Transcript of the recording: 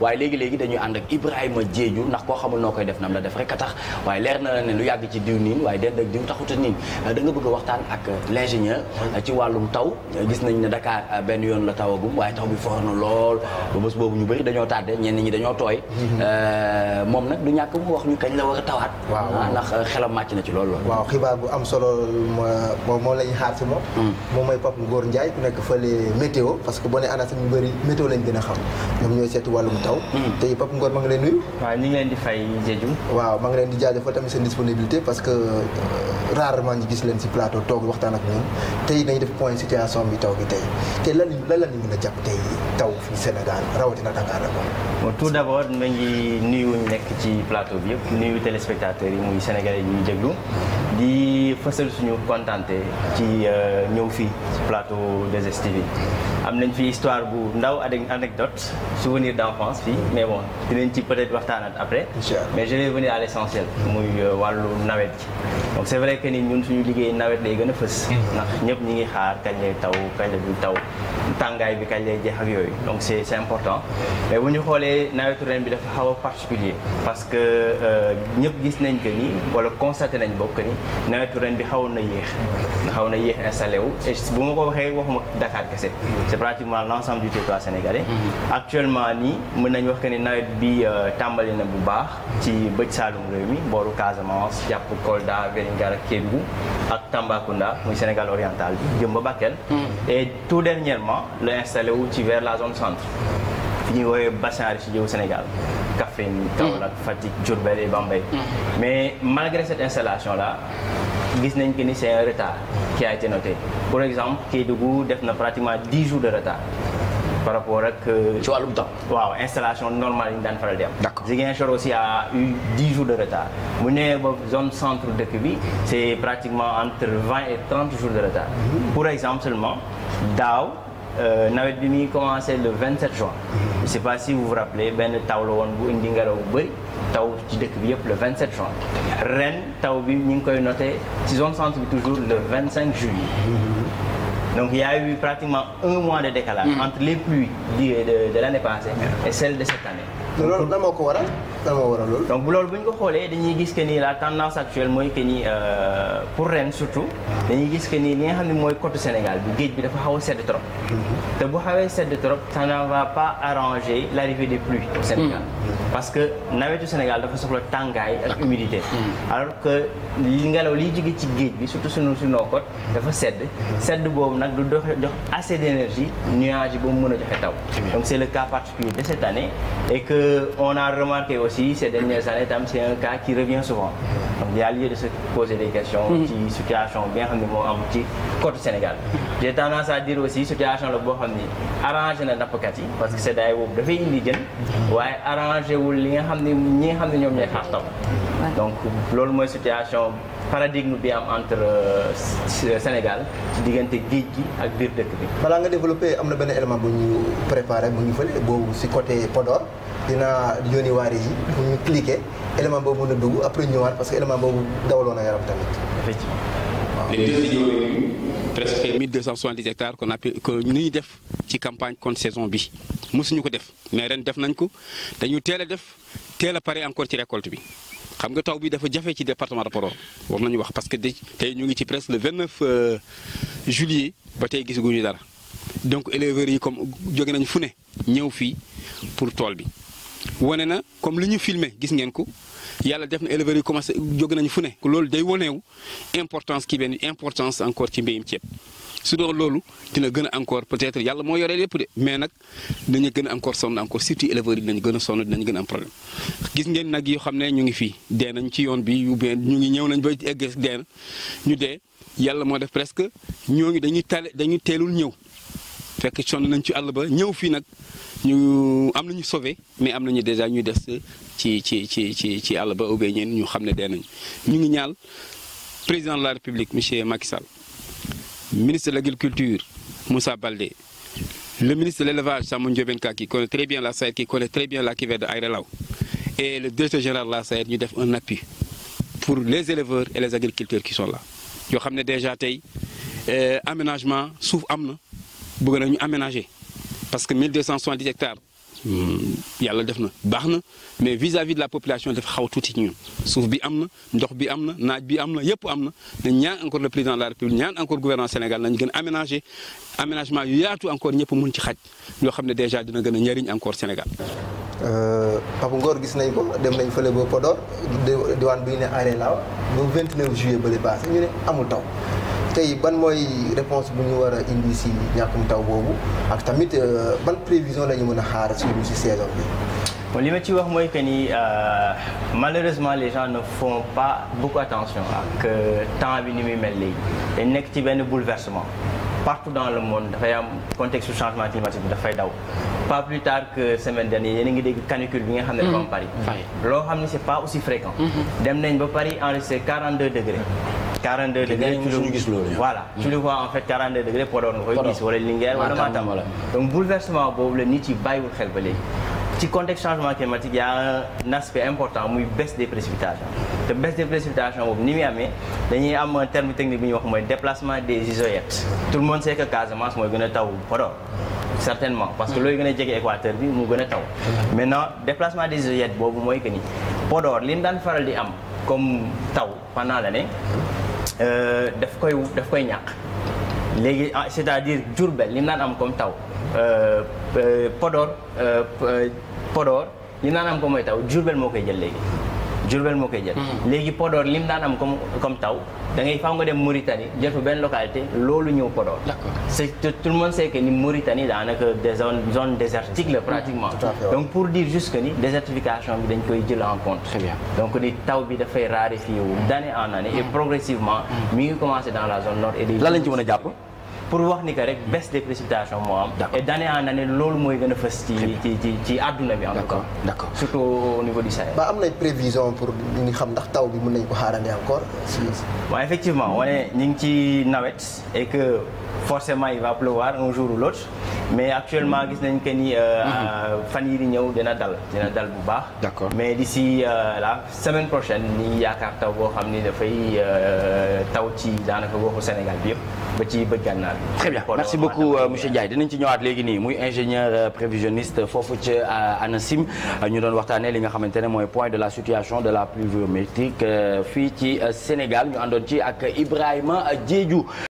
waaye léegi-léegi dañuy ànd ak Ibrahima Diédhiou ndax koo xamul noo koy def nam la def rek a tax waaye leer na la ne lu yàgg ci diw niin waaye dend ak diw taxuta niin da nga bëgg a waxtaan ak l'ingénieur ci wàllum taw gis nañ ne Dakar euh, benn yoon la tawagum waaye taw bi foor na lool ba bés boobu ñu bëri dañoo tàdde ñenn ñi dañoo tooy mhm. euh, moom nag lu ñàkk mu wax ñu kañ la war a tawaat ah, ndax euh, xelam màcc na ci loolu lool waaw xibaar bu am solo moom moom la ñu xaar si moom mm. moom mooy Pape Ngor Ndiaye ku nekk fële météo parce que boo ne ñu bëri météo lañ gën a xam taw mm. Mm. tey te it Pape ngi leen nuyu. waaw ñu ngi leen di fay Diedhiou. waaw ma ngi leen di jaajëfal tamit seen disponibilité parce que euh, rarement ñu gis leen si plateau toog waxtaan ak ñoom tey dañuy def point situation bi taw bi tey te lan lan ñu mën a jàpp tey taw fii Sénégal rawatina Dakar ak moom. tout d'abord ma ngi nuyu nekk ci plateau bi yëpp nuyu téléspectateurs yi muy sénégalais yi ñuy déglu di fësal suñu kontante ci euh, ñëw fii plateau 2STV am nañ fi histoire bu ndaw anecdote souvenir d'enfance fii mais bon dinañ ci peut-être waxtaanaat après mais je vais venir à l'essentiel muy euh, wàllu nawet ji donc c'est vrai que ni ñun suñu liggéey nawet lay gën a fës mm. ndax ñëpp ñi ngi xaar kañ taw kañ la du taw tàngaay bi kañ lay jeex ak yooyu yooyu donc c' est c' est important mais bu ñu xoolee nawetu ren bi dafa xaw a particulier parce que euh, ñëpp gis nañ que ni wala constaté nañ bokk ni nawetu ren bi xawoon na yéex xaw na yéex installé wu et bu ma ko waxee waxuma Dakar kese c' est pratiquement l' ensemble du territoire sénégalais mm-hmm. actuellement nii mën nañ wax que ni nawet bi euh, tàmbali na bu baax ci bëj saalum réew mi booru Casamance jàpp Kolda Vélingara Kédougou ak Tambacounda muy Sénégal oriental bi la zone centre fi ñuy woowee bassin arachidier wu Sénégal Kaffrine Kaolack Fatick Diourbel et Bambey mm-hmm. mais malgré cette installation là gis nañ que ni c'est un retard qui a été noté pour exemple Kédougou def na pratiquement dix jours de retard par rapport ak. Euh, ci wàllum temps. waaw installation normale yi ñu daan faral di am. d'accord Ziguinchor aussi a eu dix jours de retard. mu nee ba zone centre dëkk bi c'est pratiquement entre vingt et trente jours de retard. Mm-hmm. pour exemple seulement daaw. Euh, nawet bi muy commencé le 27 juin. je sais pas si vous rappelez benn taw la woon bu indi ngelaw bu bëri taw ci dëkk bi yëpp le 27 juin. ren taw bi ñu ngi koy noté ci zone centre bi toujours le 25 juillet. donc il y a eu pratiquement un mois de décalage. Mm. entre les pluies de de, de l'année passée. et celles de cette année. loolu lan ko waral lan moo waral loolu. donc loolu bu ñu ko xoolee dañuy gis que ni la tendance actuelle mooy que ni euh, pour ren surtout dañuy gis que ni li nga xam ne mooy côté Sénégal bi géej bi dafa xaw sedd trop. Mhm. te bu xawee sedd trop ça ne va pas arranger l'arrivée des pluies au Sénégal. parce que nawetu Sénégal dafa soxla tàngaay ak humidité mm. alors que ngelaw liy jóge ci géej bi surtout sunu su noo dafa sedd mm. sedd boobu nag du dox jox assez d'énergie nuage ba mu mën a joxe taw donc c'est le cas particulier de cette année et que on a remarqué aussi ces dernières années tam c'est un cas qui revient souvent mm. donc il y a lieu de se poser des questions. Mhm. ci situation bi nga xam ne moo am ci côté Sénégal. j'ai tendance à dire aussi situation la boo xam ni arrangé na nappkat yi parce que mhm. seddaay boobu dafay indi jën. Mhm. waaye arrangé wul li nga xam ne ñi nga xam ñoom ñooy xaar taw. donc loolu mooy situation paradigme bi am entre euh, Sénégal ci diggante géej gi ak biir dëkk bi. balaa nga développé am na benn élément bu ñu préparé mu ngi fële boobu si côté Podor. dinaa yónni waari yi. pour ñu cliquer élément boobu mën dugg parce que élément boobu dawaloon na yaram tamit. effectivement waaw. les deux yooyu presque. 1270 hectares qu'on a pu que ñu def ci campagne contre saison bi mosuñu ko def mais ren def nañ ko dañu teel a def teel a pare encore ci récolte bi. xam nga taw bi dafa jafe ci département de Podor war nañu wax parce que tey ñu ngi ci presque le 29 euh, juillet ba tey gisaguñu dara donc éleveurs yi comme jóge nañ fu ne ñëw fii pour tool bi. wane na comme li ñu filmé gis ngeen ko yàlla def na éleveurs yi commencé jóg nañu fu ne loolu day waneewu importance ki benn importance encore ci mbéyum ceeb su doon loolu dina gën a encore peut-être yàlla moo yoree lépp de mais nag dinañu gën a encore sonn encore surtout éleveurs yi dinañu gën a sonn dinañu gën am problème. gis ngeen nag yoo xam ne ñu ngi fii dee nañ ci yoon bi ou bien ñu ngi ñëw nañ ba egg dee ñu dee yàlla moo def presque ñooñu dañuy tale dañuy teelul ñëw. fekk sonn nañ ci àll ba ñëw fii nag ñu am nañu sauvé mais am nañu dèjà ñuy des ci ci ci ci ci àll ba ou ñeen ñu xam ne dee nañ ñu ngi ñaal président de la république monsieur Macky Sall ministre de l' agriculture Moussa Baldé le ministre de l' élevage Samba Ndiobène Ka qui connaît très bien la SAED qui connaît très bien la cuvette de Aïda et le directeur général la SAED ñu def un appui pour les éleveurs et les agriculteurs ki sont là yoo xam ne dèjà tey euh, aménagement suuf am na. bëgg na ñu aménager parce que 1270 hectares hmm, yàlla def na baax na mais vis-à-vis de la population dafa xaw tuuti ci ñun suuf bi am na ndox bi am na naaj bi am na yëpp am na dañ ñaan encore le président la république ñaan encore gouvernement Sénégal nañ gën aménager aménagement yu yaatu encore ñëpp mun ci xaj ñoo xam ne déjà dina gën a ñëriñ encore Sénégal. Euh, Pape Ngor gis nañ ko dem nañ fële ba Podor diwaan bi ñu ne arrêt laaw ba 29 juillet bële passé ñu ne amul taw. tey ban mooy réponse bu ñu war a indi si ñàkkum taw boobu ak tamit euh, ban prévision la ñu mën a xaar si si saison bi. bon li ma ci wax mooy que ni euh, malheureusement les gens ne font pas beaucoup attention ak temps bi ni muy mel léegi dañ nekk ci benn bouleversement. partout dans le monde dafay am contexte su changement climatique bi dafay daw pas plus tard que semaine dernière yéen a ngi dégg canicule bi nga xam ne dafa am mm-hmm. Paris loo xam ne c'est pas aussi fréquent mm-hmm. dem nañ ba Paris enregistré 42 degrés 42 degrés ñu gis loolu voilà en fait 42 degrés Podor nga koy gis wala Linguère wala Matam donc bouleversement boobu la nit yi bàyyiwul xel ba léegi ci contexte changement climatique y a un aspect important muy baisse des précipitations te baisse des précipitations boobu ni muy amee dañuy am un terme technique bi ñuy wax mooy déplacement des isoyettes tout le monde sait que Casamance mooy gën a taw Podor certainement parce que looy gën a jege équateur bi mu gën a taw maintenant déplacement des isoyettes boobu mooy que ni Podor li faral di am comme taw pendant Euh, daf koy daf koy ñàq léegi ah, c'est-à-dire Diourbel li naan am comme taw euh, Podor euh, Podor li naan am ko mooy taw Diourbel moo koy jël léegi Diourbel moo koy jël hmm. léegi Podor lim daan am comme taw da ngay nga dem Mauritanie jël fa benn localité loolu ñëw Podor c'est tout le monde sait que ni Mauritanie daanaka des zones zone désertique la hmm. pratiquement donc pour dire juste que ni désertification bi dañ koy jël en donc ni taw bi dafay raréfié wu d'année en année et hmm. progressivement mi ngi commencé dans la zone nord et lan lañ ci mën a jàpp pour wax ni que rek baisse des précipitations moo am. et d'année en année loolu mooy gën a fës. ci ci bi. en tout cas d'accord surtout au niveau du Sahel. ba am na prévision pour ñu xam ndax taw bi mën nañ ko xaarandi encore si. waaw effectivement wane ñu ngi ci nawet et que forcément il va pleuvoir un jour ou l'autre mais actuellement gis nañ que ni. Euh, mhm. fan yi di ñëw dina dal dina dal bu baax. d'accord mais d'ici euh, la semaine prochaine ni yaakaar taw boo xam ni dafay euh, taw ci daanaka goxu Sénégal bi yëpp ba ci bëj gànnaar bi. très bien merci beaucoup monsieur Ndiaye dinañ ci ñëwaat léegi nii muy ingénieur prévisionniste foofu ci ANACIM ñu doon waxtaanee li nga xamante ne mooy point de la situation de la pluviométrie fii ci Sénégal ñu àndoon ci ak Ibrahima Diédhiou.